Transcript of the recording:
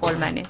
kolmeni.